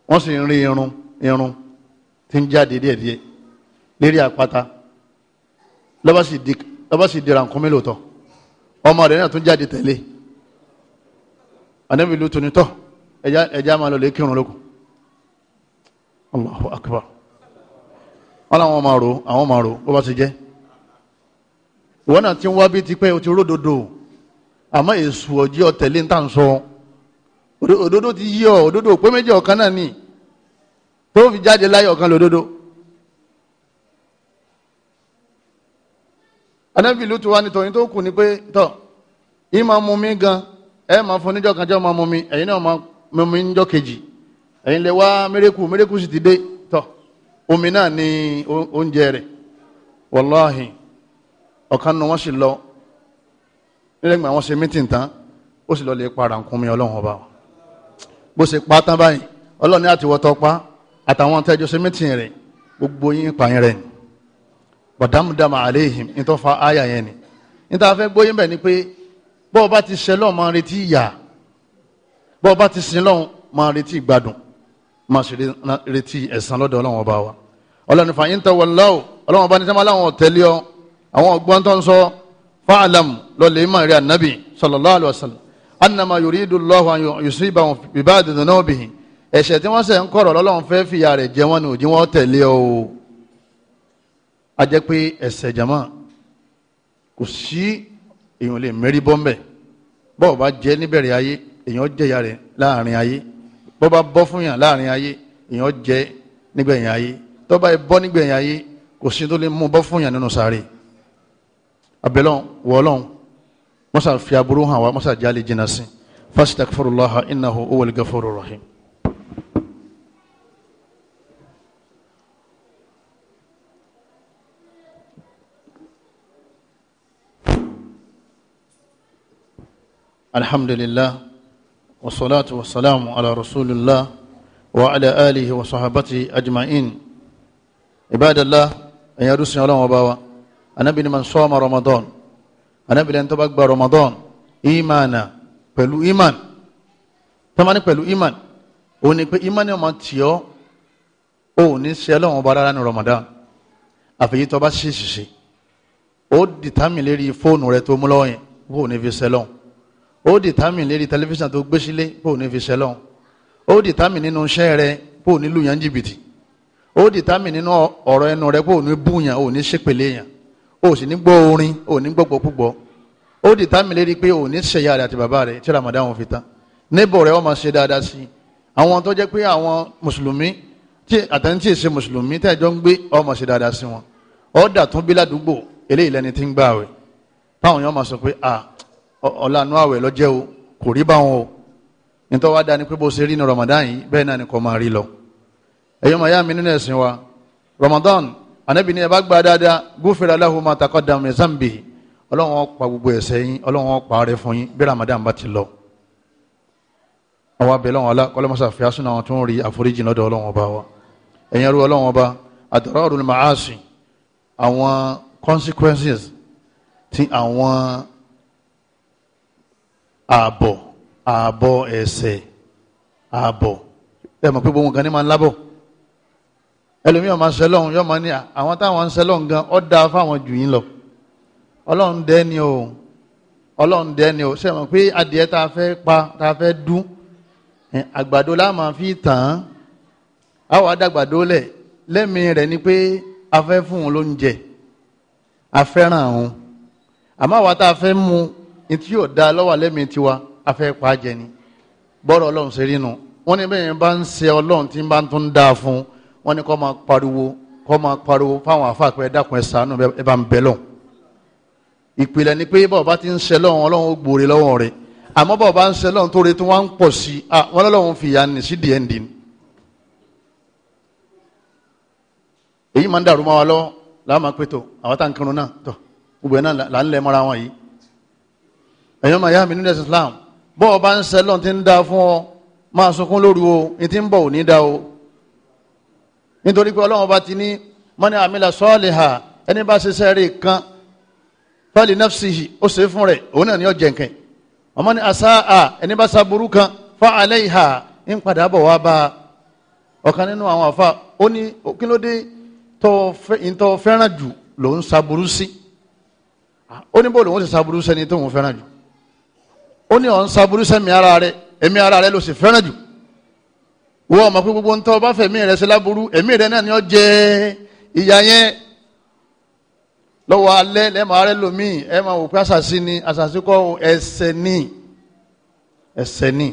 wọ́n sì ń rí irun irun tí ń jáde díẹ̀díẹ̀ lérí àpáta lọ́ba sì dira nǹkan mélòó tọ́ ọmọ rẹ̀ náà tún jáde tẹ̀lé ànábì lùtù ní tọ́ ẹja máa lọ lè kírun lókun Allahu akbar wọn làwọn máa ro àwọn máa ro bó bá ti jẹ́ ìwọ náà ti ń wá bí ti pẹ́ o ti ródòdó àmọ́ èso ọjí ọ̀tẹ̀lé ń tà ń sọ òdodo ti yí ọ òdodo pé méjì ọ̀kan náà nì tó fi jáde láyé ọ̀kan lòdodo. anábì lùtù wa nítorí tó kù ni pé tọ́ ìmọ̀ mú mi gan ẹ̀ máa fún oníjọ́ kan jẹ́ ọmọ mú mi ẹ̀yin náà máa mímu ń jọ kejì ẹ̀yin lè wá mérekù mérekù sì ti dé tọ̀ omi náà ni oúnjẹ rẹ̀ wàláhì ọ̀kan nu wọ́n sì lọ nílẹ̀ gbà wọ́n ṣe mítìn tán ó sì lọ lè para nǹkan mi ọlọ́run ọba bó ṣe pa tán báyìí ọlọ́run ní àtiwọ́tọ́ pa àtàwọn tẹ́jọ́ ṣe mítìn rẹ̀ gbogbo yín pààyàn rẹ̀ ni bàdámùdámà àléhìn ní tó fa àyà yẹn ni ní tá a fẹ́ ni pé bọ́ọ̀ bá ti ṣẹlọ́ọ̀ máa retí ìyá bọ́ ọba ti sin lọ́hùn máa retí ìgbádùn máa ṣe retí ẹ̀san lọ́dọ̀ ọlọ́run ọba wa ọlọ́run fàyín tẹ wọ́n lọ́wọ́ ọlọ́run ọba ní sẹ́mi aláwọn ọ̀tẹ́lẹ́ ọ àwọn ọgbọ́n tó ń sọ fáàlàm lọ́lẹ̀ ìmọ̀ rẹ̀ ànábì sallallahu alaihi wasallam annama yuridu Allahu an yusibahum bi ba'di dhunubihim ẹ̀ṣẹ̀ tí wọ́n ṣẹ̀ ń kọ̀rọ̀ lọ́lọ́run fẹ́ fìyà rẹ̀ jẹ wọ́n ní òjì pé ẹ̀ṣẹ̀ jama kò sí èèyàn lè mérí bọ́ńbẹ̀ bọ́ọ̀ bá jẹ́ níbẹ̀rẹ̀ ayé èèyàn jẹ̀yà rẹ̀ láàrin ayé bọ́ bá bọ́ fún yàn láàrin ayé èèyàn jẹ nígbẹ̀yìn ayé tọ́ bá bọ́ nígbẹ̀yìn ayé kò sí tó lè mú bọ́ fún yàn nínú sáré abẹ́lọ́n wọ́ọ́lọ́n mọ́sá fi aburú hàn wá mọ́sá jáde jìnnà sí fastaghfirullaha innahu huwal ghafurur rahim. alhamdulillah والصلاة والسلام على رسول الله وعلى آله وصحبته أجمعين عباد الله أن يرسل الله وباوا أنا بن من صام رمضان أنا بن أن تبقى رمضان إيمانا pẹ̀lú iman tọ́mọ́ni pẹ̀lú iman ò ní pé iman ọmọ tí ọ́ ò ní ṣe ọlọ́run ọba rárá ní Ramadan àfẹ́yí tó bá ṣe ṣiṣẹ́ ó dìtámì lérí fóònù rẹ tó mú lọ́wọ́ yẹn bó ní fi ṣẹlọ́run ó determine lérí tẹlifíṣàn tó gbé sílé bó o ní fi ṣẹlọ́n ó determine nínú iṣẹ́ rẹ bó o ní lù yàn jìbìtì ó determine nínú ọ̀rọ̀ ẹnu rẹ bó o ní búyàn o ní ṣépèlé yàn o sì ní gbọ́ orin o ní gbọ́gbọ́ púpọ̀ ó determine lérí pé o ní ṣẹ̀yà rẹ àti bàbá rẹ tí Ramadan fi tán níbọ̀ rẹ wọ́n máa ṣe dáadáa sí i àwọn tó jẹ́ pé àwọn mùsùlùmí tí àtẹ̀ntì ṣe mùsùlùmí tẹ́jọ́ ń gbé ó máa ṣe dáadáa sí wọn ọ̀dà tún bí ládùúgbò eléyìí lẹni tí ń gbààwẹ̀ táwọn yẹn máa sọ pé ah ọ̀lànà àwẹ̀ lọ́jẹ́ o kò rí báwọn o nítorí wá dání pé bó ṣe rí ní Ramadan yìí bẹ́ẹ̀ náà ni kò máa rí lọ ẹ̀yọ́ màá yá mi nínú ẹ̀sìn wa Ramadan anabi ni ẹ bá gba dáadáa gúfèrè lahu ma taqaddama min zambihi ọlọ́run ó pa gbogbo ẹ̀ṣẹ̀ yín ọlọ́run ó pa rẹ́ fún yín bí Ramadan bá ti lọ àwọn abẹ́lẹ́ wọn kọ́lọ́mọsá fi asúnà wọn tó ń rí àforíjì lọ́dọ̀ ọlọ́run ọba wa ẹ̀yin ẹrú ọlọ́run ọba àtàràrùn màásì àwọn consequences ti àwọn ààbọ̀ ààbọ̀ ẹ̀sẹ̀ ààbọ̀ ẹ mọ̀ pé gbogbo nǹkan ní máa ń lábọ̀ ẹlòmíì ọmọ sẹlọ́hún yóò máa ní àwọn táwọn ń sẹlọ́hún gan ọ́ da fáwọn jù yín lọ ọlọ́run dẹ́ ni o ọlọ́run dẹ́ ni o ṣe mọ̀ pé adìẹ tá a fẹ́ pa tá a fẹ́ dún àgbàdo la máa fi tàn án a wà dàgbàdo lẹ̀ lẹ́mìí rẹ̀ ni pé a fẹ́ fún un lóúnjẹ a fẹ́ràn òun àmọ́ àwa tá a fẹ́ mú un ní tí yóò da lọ́wọ́ lẹ́mí tiwa afẹ́ pa jẹ ni bọ́ọ̀rọ̀ ọlọ́run ṣe rí nu wọ́n ní bẹ́ẹ̀ bá ń ṣe ọlọ́run tí bá ń tún dáa fún wọ́n ní kó máa pariwo kó máa pariwo fáwọn afáàpẹ́ dákun ẹ̀ sànú ẹ bá ń bẹ lọ́hùn ìpìlẹ̀ ni pé bọ́ọ̀ bá ti ń ṣe lọ́hùn ọlọ́run ó gbòòrè lọ́wọ́ rẹ̀ àmọ́ bọ́ọ̀ bá ń ṣe lọ́hùn tó retí wọ́n á ń pọ̀ sí i wọ́n lọ́wọ́ láwọn ẹ̀yọ́ màá yá mi nínú ẹ̀sìn Islam bọ́ ọ bá ń sẹ́ lọ́n ń da fún ọ máa sunkún lóru o ní ti ń bọ̀ ò ní da o nítorí pé ọlọ́run bá ti ní mọ́ni àmìlà sọ́ọ̀lìhà ẹni bá ṣiṣẹ́ rẹ̀ kan fali nafsihi ó ṣe fún rẹ̀ òun náà ni ó jẹ̀ǹkẹ̀ ọmọ ni asáà ẹni bá ṣaburú kan fa alayha ń padà bọ̀ wá bá ọ̀kan nínú àwọn àfa ó ní kí ló dé tó fẹ́ràn jù lòun ṣaburú sí ó ní bó lòun ṣe ṣaburú sẹ́ni tóun fẹ́ràn jù ó ní ọ̀n saburú sẹ́mi ara rẹ ẹ̀mí ara rẹ ló sì fẹ́ràn jù wọ́n ọmọ pé gbogbo ń tọ́ bá fẹ̀mí rẹ sí láburú ẹ̀mí rẹ náà ni ó jẹ ìyá yẹn lọ́wọ́ alẹ́ lẹ́mọ̀ ara lòmíì ẹ máa wò pé àṣàṣì ni àṣàṣì kọ́ ẹsẹ̀ ni ẹsẹ̀ ni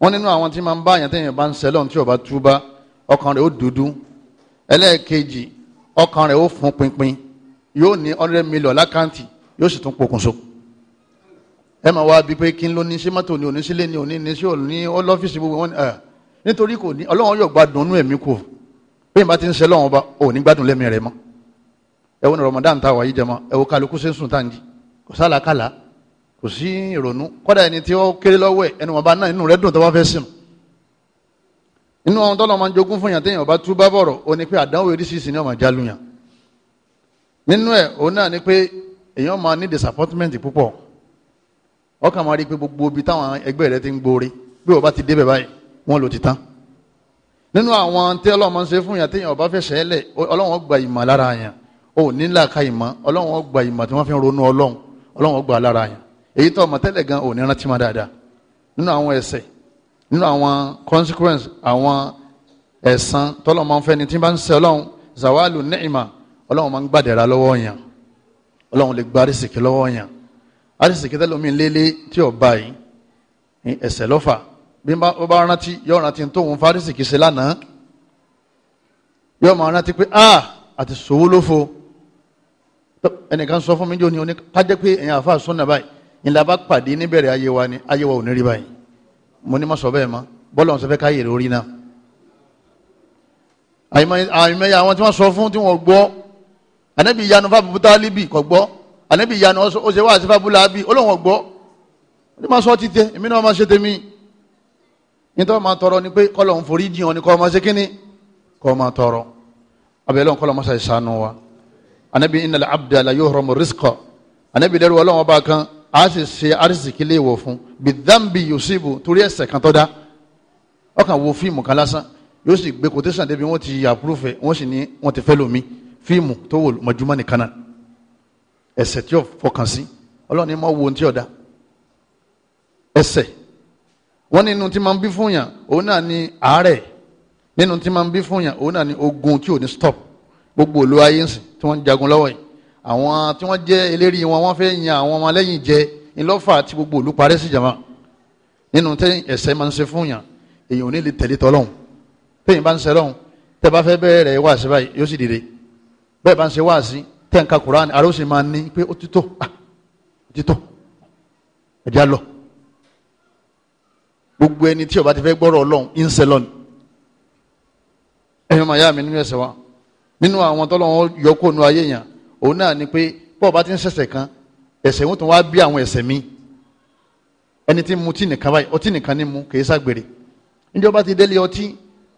wọ́n nínú àwọn tí máa ń bá àyàn tẹ̀yìn bá ń sẹ́lọ̀ tí ó túbá ọkàn rẹ̀ ó dúdú ẹlẹ́ẹ̀kejì ọkàn rẹ̀ ó fún pinpin yóò ní hundred million lákàntì yóò sì tún pokùnso ẹ máa wá bíi pé kí n ló ní sí mọ́tò ní oníṣílẹ̀ ní oní ní sí òní ọlọ́fíìsì gbogbo wọn ẹ nítorí kò ní ọlọ́run yóò gbádùn nú ẹ̀mí kù bẹ́ẹ̀ bá ti ń ṣe lọ́wọ́n bá ò ní gbádùn lẹ́mí rẹ̀ mọ́ ẹ wo ní Ramadan tá a wà yìí jẹmọ ẹ wo kálukú sí ń sùn táǹjì kò sálàkàlà kò sí ìrònú kọ́dà ẹni tí ó kéré lọ́wọ́ ẹ ẹni wọn bá náà inú rẹ̀ dùn tó bá fẹ́ sìn inú àwọn tọ́lọ́ máa ń jogún fún yàn téèyàn bá tú bá bọ̀rọ̀ ó ní pé àdánwò oríṣiríṣi ni ó máa yàn nínú ẹ̀ òun náà ni pé èèyàn máa ní disappointment púpọ̀ ọkàn máa rí i pé gbogbo ibi táwọn ẹgbẹ́ rẹ ti ń gbóore bí o bá ti débẹ̀ báyìí wọ́n lò ti tán nínú àwọn tí ọlọ́run máa ń ṣe fún yàn téèyàn ọba fẹsẹ̀ ẹlẹ̀ ọlọ́run gba ìmọ̀ lára yàn o ní làákà ìmọ̀ ọlọ́run gba ìmọ̀ tí wọ́n fi ń ronú ọlọ́run ọlọ́run gba lára yàn èyí tó ọmọ tẹ́lẹ̀ gan ò rántí máa dáadáa nínú àwọn ẹ̀ṣẹ̀ nínú àwọn consequence àwọn ẹ̀san tọ́lọ́run máa ń fẹ́ ni zawalu ni'ima ọlọ́run máa ń gbàdẹ̀ra lọ́wọ́ yàn ọlọ́run lè gba àrísìkí tẹ́lómi lélẹ̀ tí ò bá yìí ẹ̀sẹ̀ lọ́fà bí wọ́n bá rántí yóò rántí tó ń fa àrísìkí ṣe lánàá yóò máa rántí pé ah, a àti sòwò lófo ẹnìkan sọ fún mi jọ ni oní kájẹ́ pé ẹ̀yin àfa sọ́nà báyìí ìlà bá pàdé níbẹ̀rẹ̀ ayé wa ni ayé wa ò ní rí báyìí mo ní má sọ bẹ́ẹ̀ mọ́ bọ́lá ọ̀sẹ̀ fẹ́ káyè lórí náà àyìnbẹ́yà àwọn tí wọ́n sọ fún tí wọ́n gbọ́ ànábì ìyanu fábùbù tálíbì kò gbọ́ ànábì ìyanu ó ṣe wá àti fábúlà bí olóhùn ọgbọ́ ó ní máa sọ ti tẹ èmi náà máa ṣe tèmi nítorí máa tọrọ ni pé kọ́lọ̀ ń forí jìn ni kọ́ máa ṣe kíni kọ́ máa tọrọ abẹ́lẹ́ kọ́lọ̀ máa ṣe ìṣàánú wa ànábì innal abda la yuhramu rizqa ànábì dẹ́rù ọlọ́run ọba kan a sì ṣe arísìkí léèwọ̀ fún bidhanbi yusibu torí ẹ̀ṣẹ̀ kan tó dá ọkàn wo fíìmù kan lásán yóò sì gbé kòtẹ́sàn débi wọ́n ti àpúrúfẹ́ wọ́n sì ní wọ́n ti fẹ́ lómi fíìmù tó wò mọ̀júmọ́ nìkan náà ẹ̀ṣẹ̀ tí ó fọkàn sí ọlọ́run ni mo wo ohun tí ó da ẹ̀ṣẹ̀ wọ́n nínú tí máa ń bí fún yàn òun náà ni àárẹ̀ nínú tí máa ń bí fún yàn òun náà ni ogun tí ò ní stop gbogbo òlu ayé ń sìn tí wọ́n ń jagun lọ́wọ́ yìí àwọn tí wọ́n jẹ́ eléré wọn wọ́n fẹ́ yan àwọn ọmọ lẹ́yìn jẹ ńlọ́fà tí gbogbo òlu parẹ́ sí jàmá nínú tí ẹ̀ṣẹ̀ máa ń ṣe fún yàn èèyàn ò ní lè tẹ̀lé tọ́lọ́hún téèyàn bá ń ṣe lọ́hún tẹ́ bá fẹ́ bẹ́ẹ̀ rẹ̀ wá sí báyìí yóò sì dìde bẹ́ẹ̀ bá ń ṣe wá sí tẹ̀ǹka Quran àrò sì máa ní pé ó ti tó ah, ti tó ẹ̀já lọ gbogbo ẹni tí ó bá ti fẹ́ gbọ́rọ̀ ọlọ́run ìnsẹ̀lọ́n ẹ̀yọ́ màá yá mi nínú ẹ̀sẹ̀ wa nínú àwọn tọ́lọ́wọ́n yọkó nu ayé yẹn òun náà ni pé bọ́ọ̀ bá ti ń ṣẹ̀ṣẹ̀ kan ẹ̀ṣẹ̀ wọn tó wá bí àwọn ẹ̀ṣẹ̀ míì ẹni tí mu tí nìkan báyìí ọtí nìkan ni mu kì í ságbèrè níjọba ti délé ọtí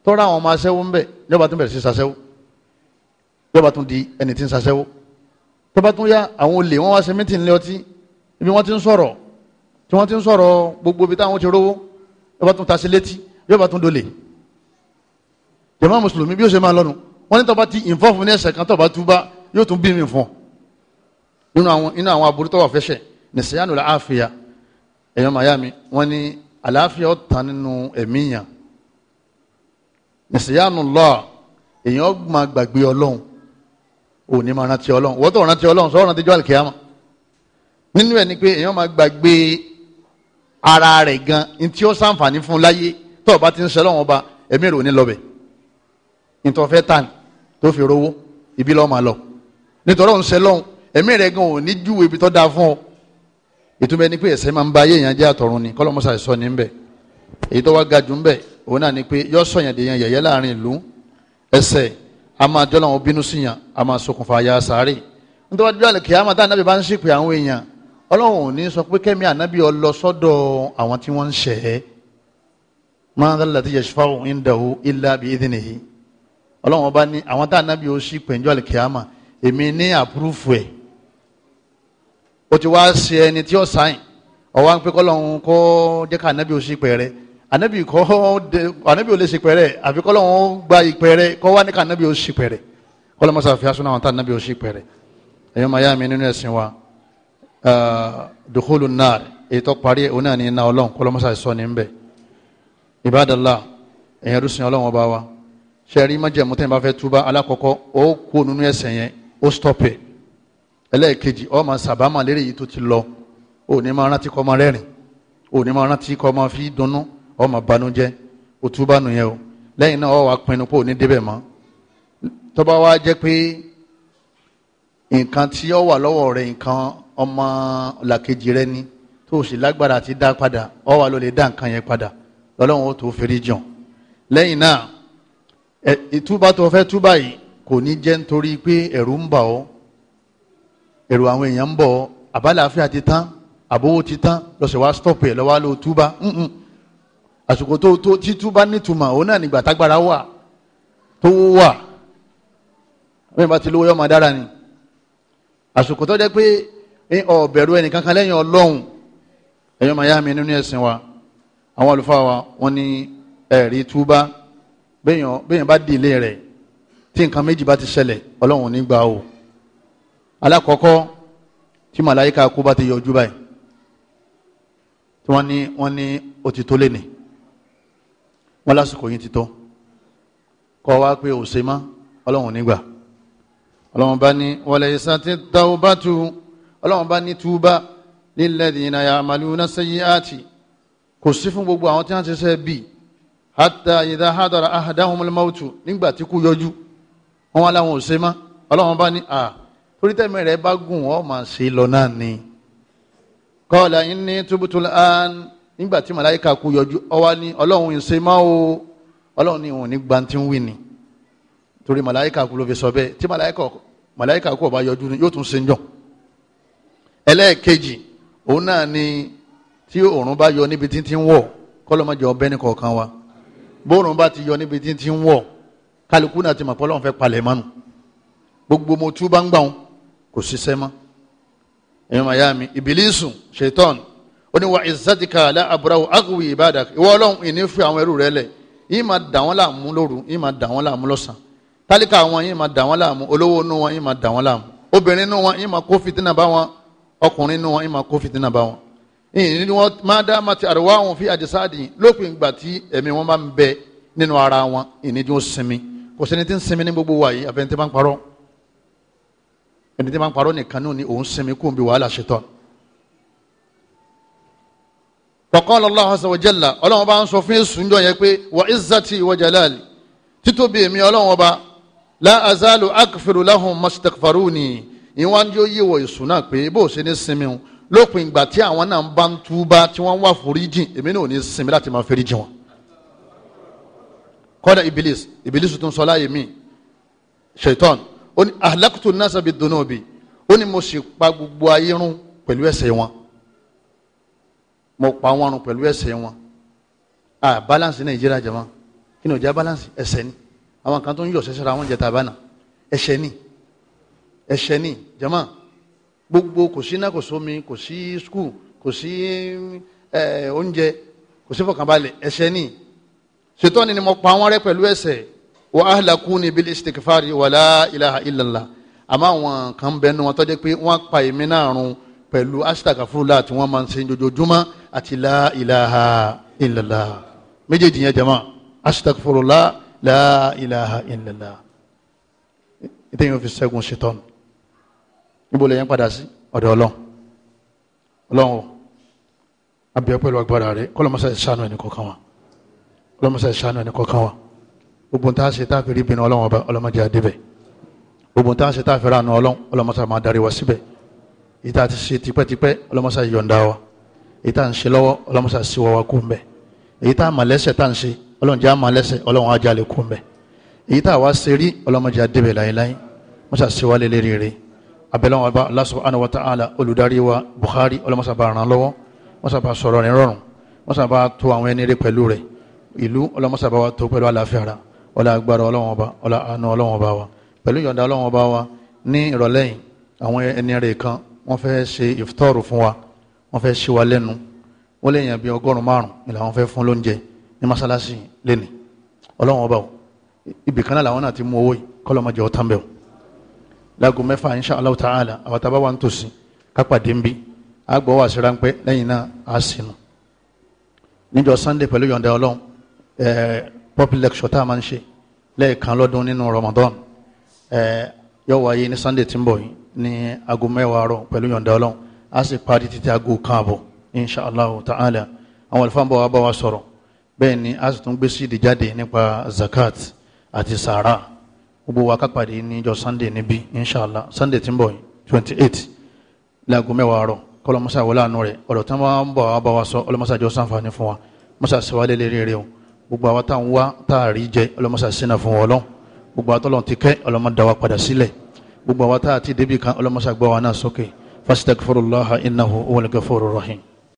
tọ́ra àwọn ọmọ aṣẹ́wó ń bẹ̀ níjọba tún bẹ̀rẹ̀ sí ṣaṣẹ́wó níjọba tún di ẹni tí ń ṣaṣẹ́wó tó bá tún yá àwọn olè wọn wá ṣe mítìn lé ọtí ibi wọn ti ń sọ̀rọ̀ tí wọn ti ń sọ̀rọ̀ gbogbo ibi táwọn ti rówó yóò bá tún tasí létí yóò bá tún dolè jàmá mùsùlùmí bí ó ṣe máa lọ́nu wọn ní tó bá ti ìfọ́fún ní ẹsẹ̀ kan tó bá yóò tún bí mi fún inú àwọn inú àwọn aburú tó wà fẹsẹ̀ nìṣẹ́yánu làáfíà ẹ̀yọ́ mayami wọn ní àlàáfíà ọ̀tàn nínú ẹ̀mí yàn nìṣẹ́yánu lọ́ọ̀ ò ní máa rántí ọlọ́run wọ́n tó rántí ọlọ́run sọ rántí jọ́ àlìkíyàmọ̀ nínú ẹ̀ ni pé èèyàn máa gbàgbé ara rẹ̀ gan ní tí ó sàǹfààní fún láyé tó o bá ti ń ṣe lọ́wọ́n ọba ẹ̀mí rò ní lọ́bẹ̀ nítorí fẹ́ tàn tó fi rówó ibi lọ́ọ́ máa lọ nítorí òun ṣe lọ́hùn ẹ̀mí rẹ̀ gan ò ní júwe ibi tó dáa fún ọ ìtumọ̀ ẹni pé ẹ̀ṣẹ̀ máa ń ba ayé èèyàn jẹ́ àtọ̀run ni kọ́lọ́mọ́sà sọ ní bẹ́ẹ̀ èyí tó wá ga jù ń bẹ̀ òun náà ni pé yọ́ sọ̀yàn dèèyàn yẹ̀yẹ́ láàrin ìlú ẹ̀ṣẹ̀ ama máa jọ́ làwọn bínú sí yàn a máa ṣokùnfà ya sáré nítorí wájú àlè kìá màtá ànábì bá ń ṣèpè àwọn èèyàn ọlọ́run ò ní sọ pé kẹ́mi ànábì ó lọ sọ́dọ̀ àwọn tí wọ́n ń ṣẹ̀ ẹ́ man alladhi yashfa'u indahu illa bi'idhnihi ọlọ́run ọba ní àwọn tá ànábì ó ṣì pẹ̀njọ́ àlè kìá mà èmi ní àpúrúfù ẹ̀ ó ti wá ṣe ẹni tí ó sáyìn ọ̀wá ń pẹ́ kọ́lọ́run kó jẹ́ ká ànábì ó ṣì pẹ̀ rẹ̀ anabi kọ́ anabi ò lè ṣìpẹ̀rẹ̀ àfi kọ́ lọ́wọ́ gba ìpẹ̀rẹ̀ kọ́ wá ní ká anabi ò ṣìpẹ̀rẹ̀ kọ́ lọ́mọ sàfihàn sọ́nà àwọn tá anabi ò ṣìpẹ̀rẹ̀ ẹ̀yọ́ màá yá mi nínú ẹ̀sìn wa dùkúlù náà ètò parí ẹ̀ oní àní iná ọlọ́run kọ́ lọ́mọ sàfihàn sọ́ni ńbẹ ìbádàlá ẹ̀yẹn rúṣin ọlọ́run ọba wa ṣe rí májẹ̀mú tẹ́yìn bá fẹ́ túbá alákọ̀ọ́kọ́ ó kú nínú ẹ̀ṣẹ̀ yẹn ó stop ẹ̀ ẹlẹ́ẹ̀kejì ó máa sàbámà lérí èyí tó ti lọ ò ní máa rántí kọ́ máa rẹ́rìn ò ní máa rántí kọ́ máa fi dunnú ọmọ banújẹ́ òtúbánu yẹn o lẹ́yìn náà ọ wà pinnu pé ò ní débẹ̀ mọ́ tó bá wá jẹ́ pé nǹkan tí ó wà lọ́wọ́ rẹ̀ nǹkan ọmọ làkejì rẹ ni tó o sì lágbára ti dá padà ọ wà ló lè dá nǹkan yẹn padà lọ́lọ́run ó tó fèrè jàn lẹ́yìn náà ìtúbà tó fẹ́ túbà yìí kò ní jẹ́ nítorí pé ẹ̀rù ń bà ọ́ ẹ̀rù àwọn èèyàn ń bọ̀ ọ́ àbálàáfíà ti tán àbówó ti tán lọ́sẹ̀ wá stọ́ọ̀pù ẹ̀ lọ́wọ́ á lò túbà àsìkò tó tó títú bá nítumọ̀ òun náà nígbà tágbára wà tó wà bẹ́ẹ̀ bá ti lówó yọmọ dára ni àsìkò tó jẹ́ pé ọ̀bẹ̀rù ẹnìkankan lẹ́yìn ọlọ́run ẹ̀yọ́ máa yá mi nínú ẹ̀sìn wa àwọn àlùfáà wa wọ́n ní ẹ̀rí túbá bẹ́yàn bá dìlé rẹ̀ tí nǹkan méjì bá ti ṣẹlẹ̀ ọlọ́run ní gbà o alákọ̀ọ́kọ́ tí màláyíká kú bá ti yọjú báyìí tí wọ́n ní wọ́n ní ó ti tó lé nìí wọ́n lásìkò yín ti tó kọ́ wá pé òsè mọ́ ọlọ́run nígbà ọlọ́run bá ní wọlé ìsàtì tàwùbátù ọlọ́run bá ní túbá lilladhina ya'maluna sayyi'ati kò sí fún gbogbo àwọn tí wọ́n ti ṣe bí hatta idha hadara ahadahumul mautu nígbà tí kú yọjú wọ́n wá láwọn òsè mọ́ ọlọ́run bá ní à torí tẹ̀mí rẹ̀ bá gùn ọ́ máa ṣe lọ náà ni qala inni tubtu al-an nígbà tí màláyíká kú yọjú ọwá ní ọlọ́run ìṣe máa o ọlọ́run ní ìwọ̀n ní gbantin wí ni torí màláyíká kú ló fi sọ bẹ́ẹ̀ tí màláyíká kú ọba yọjú ni yóò tún ṣe ń jọ ẹlẹ́ẹ̀kejì òun náà ni tí òòrùn bá yọ níbi tí ti ń wọ̀ kọ́lọ́mọjọ ọbẹ̀ ní kọ̀ọ̀kan wa bóòrùn bá ti yọ níbi tí ti ń wọ̀ kálukú náà ti mọ̀ pọ́lọ́run fẹ́ palẹ̀ mọ́nu gbogbo mo tú bá ń gbà wọn kò ṣiṣẹ́ mọ́ ẹ̀yin màyá mi ìbílísù ṣètọ́nù ó ní wa ìsádìkà alẹ́ àbúrò àgùwì ìbàdà ìwọ ọlọ́run ìní fi àwọn ẹrú rẹ lẹ̀ yìí máa dà wọ́n láàmú lóru yìí máa dà wọ́n láàmú lọ́sàn tálíkà wọn yìí máa dà wọ́n láàmú olówó inú wọn yìí máa dà wọ́n láàmú obìnrin inú wọn yìí máa kó fìtínà bá wọn ọkùnrin inú wọn yìí máa kó fìtínà bá wọn. ìyìn ni wọn máa dá máa ti àríwá wọn fi àjẹsáàdì lópin ìgbà tí ẹ̀mí wọn bá ń bẹ nínú ara wọn ìní tí ń sinmi wa yìí àfẹnitẹ́ faqala Allahu azza wa jalla ọlọ́run bá ń sọ fún èsù ń jọ yẹn pé wa izzati wa jalali títóbi èmi ọlọ́run ọba la azalu akfiru lahum mastaghfaruni ìwádìí ó yíwọ èsù náà pé bó o ṣe ní sinmi o lópin ìgbà tí àwọn náà ń bá ń túbá tí wọ́n ń wá foríjìn èmi náà ò ní sinmi láti máa foríjìn wọn. kọ́dà ibilis ibilis tún sọ láàyè mí shaitan ó ní ahlakutu nasa bidunubi ó ní mo sì pa gbogbo ayé run pẹ̀lú ẹ̀ṣẹ̀ wọn mo pa wọn run pẹ̀lú ẹsẹ̀ wọn a balance nàìjíríà jẹ̀mọ́ kí ni ò balance ẹsẹ̀ ni àwọn kan tó ń yọ̀ sẹ́sẹ́ra wọn jẹ́ tàbánà ẹsẹ̀ ni ẹsẹ̀ ni jẹ̀mọ́ gbogbo kò sí iná kò sómi kò sí skul kò sí oúnjẹ kò sí fọkànbalẹ̀ ẹsẹ̀ ni ṣètò ni mo pa wọn rẹ pẹ̀lú ẹsẹ̀ wa ahlakuni bil istighfari wala ilaha illallah àmọ́ àwọn kan bẹnu wọn tọ́jú pé wọ́n pa èmi náà run pẹ̀lú astagafurula tí wọ́n máa ń ṣe jojoojúmọ́ àti la ilaha illallah méjèèjì yẹn jama astagfirullah la ilaha illallah ìtẹ̀yìn òfin ṣẹ́gun ṣetán níbo lẹ́yìn padà sí ọ̀dọ̀ ọlọ́run ọlọ́run o abiyọ pẹ̀lú agbára rẹ kọlọmọsá ìṣàánú ẹni kọ̀ọ̀kan wa kọlọmọsá ìṣàánú ẹni kọ̀ọ̀kan wa gbogbo nta ṣe tá a fi bínú ọlọ́run ọba ọlọ́mọdé adébẹ̀ gbogbo nta ṣe tá a fi ránú ọlọ́run ọlọ́mọsá máa darí wa síbẹ̀ ìta ti ṣe tipẹ́tipẹ́ ọlọ́mọsá yọ̀ǹda wa èyí tá à ń ṣe lọ́wọ́ ọlọ́mọṣà sí wọ́wọ́ kú mbẹ́ èyí tá à mà lẹ́sẹ̀ tá à ń ṣe ọlọ́run jẹ́ àmà lẹ́sẹ̀ ọlọ́run ajá lè kú mbẹ́ èyí tá à ṣe rí ọlọ́mọjà débẹ̀ láyéláyé mọ́ṣà sí wá lélẹ́rì rẹ̀ abẹ́lẹ́wọ̀n ọba Allah subhanahu wa ta'ala olùdarí wa Bukhari ọlọ́mọṣà bá ràn lọ́wọ́ mọ́ṣà bá sọ̀rọ̀ rẹ̀ rọrùn mọ́ṣà bá tó àwọn ẹni rẹ̀ pẹ̀lú rẹ̀ ìlú ọlọ́mọṣà bá wa tó pẹ̀lú àlàáfíà ara ọlá agbára ọlọ́wọ́n ọba ọlá àánú ọlọ́wọ́n ọba wa pẹ̀lú yọ̀ǹda ọlọ́wọ́n ọba wa ní ìrọ̀lẹ́yìn àwọn ẹni rẹ̀ kan wọ́n fẹ́ ṣe ìfitọ́rù fún wa wọ́n fẹ́ ṣe wa lẹ́nu wọ́n lè yàn bí ọgọ́rùn márùn ni làwọn fẹ́ fún lóúnjẹ ní mọ́sálásí lẹ́ni ọlọ́run ọba o ibì kan náà làwọn náà ti mú owó yìí kọ́lọ́mọjọ ọ̀tán bẹ́ẹ̀ o láago mẹ́fà insha Allah ta'ala àwọn tábà wà ń tòsí kápàdé ń bí àgbọ̀ wà sí ráńpẹ́ lẹ́yìn náà á sínú níjọ sunday pẹ̀lú yọ̀ǹda ọlọ́run public lecture tá a máa ń ṣe lẹ́ẹ̀kan lọ́dún nínú ramadan yóò wáyé ní sunday tí ń bọ̀ yìí ní aago mẹ́wàá rọ̀ pẹ̀lú yọ̀ǹda ọlọ́run a sì parí títí aago káàbọ̀ inshallah ta'ala àwọn àlùfáà bọ̀ wá bá wa sọ̀rọ̀ bẹ́ẹ̀ ni a sì tún gbé síìdì jáde nípa zakat àti sàrà gbogbo wa kápàdé níjọ́ sunday níbí inshallah sunday tí ń bọ̀ yìí twenty eight láago mẹ́wàá rọ̀ kọlọmọsá wọlé àánú rẹ̀ ọ̀rọ̀ tí wọ́n ń bọ̀ wá bá wa sọ ọlọmọsá jọ sànfàní fún wa mọ́sá sí wa lélẹ̀ rere o gbogbo àwọn táwọn wá táàrí jẹ ọlọmọsá sínà fún wọn lọ gbogbo àtọ́lọ́n ti kẹ́ ọlọmọdà wa padà sílẹ̀ gbogbo àwọn táà ti débì kan ọlọmọsá gbọ́ wa náà sókè. واستغفر الله إنه هو الغفور الرحيم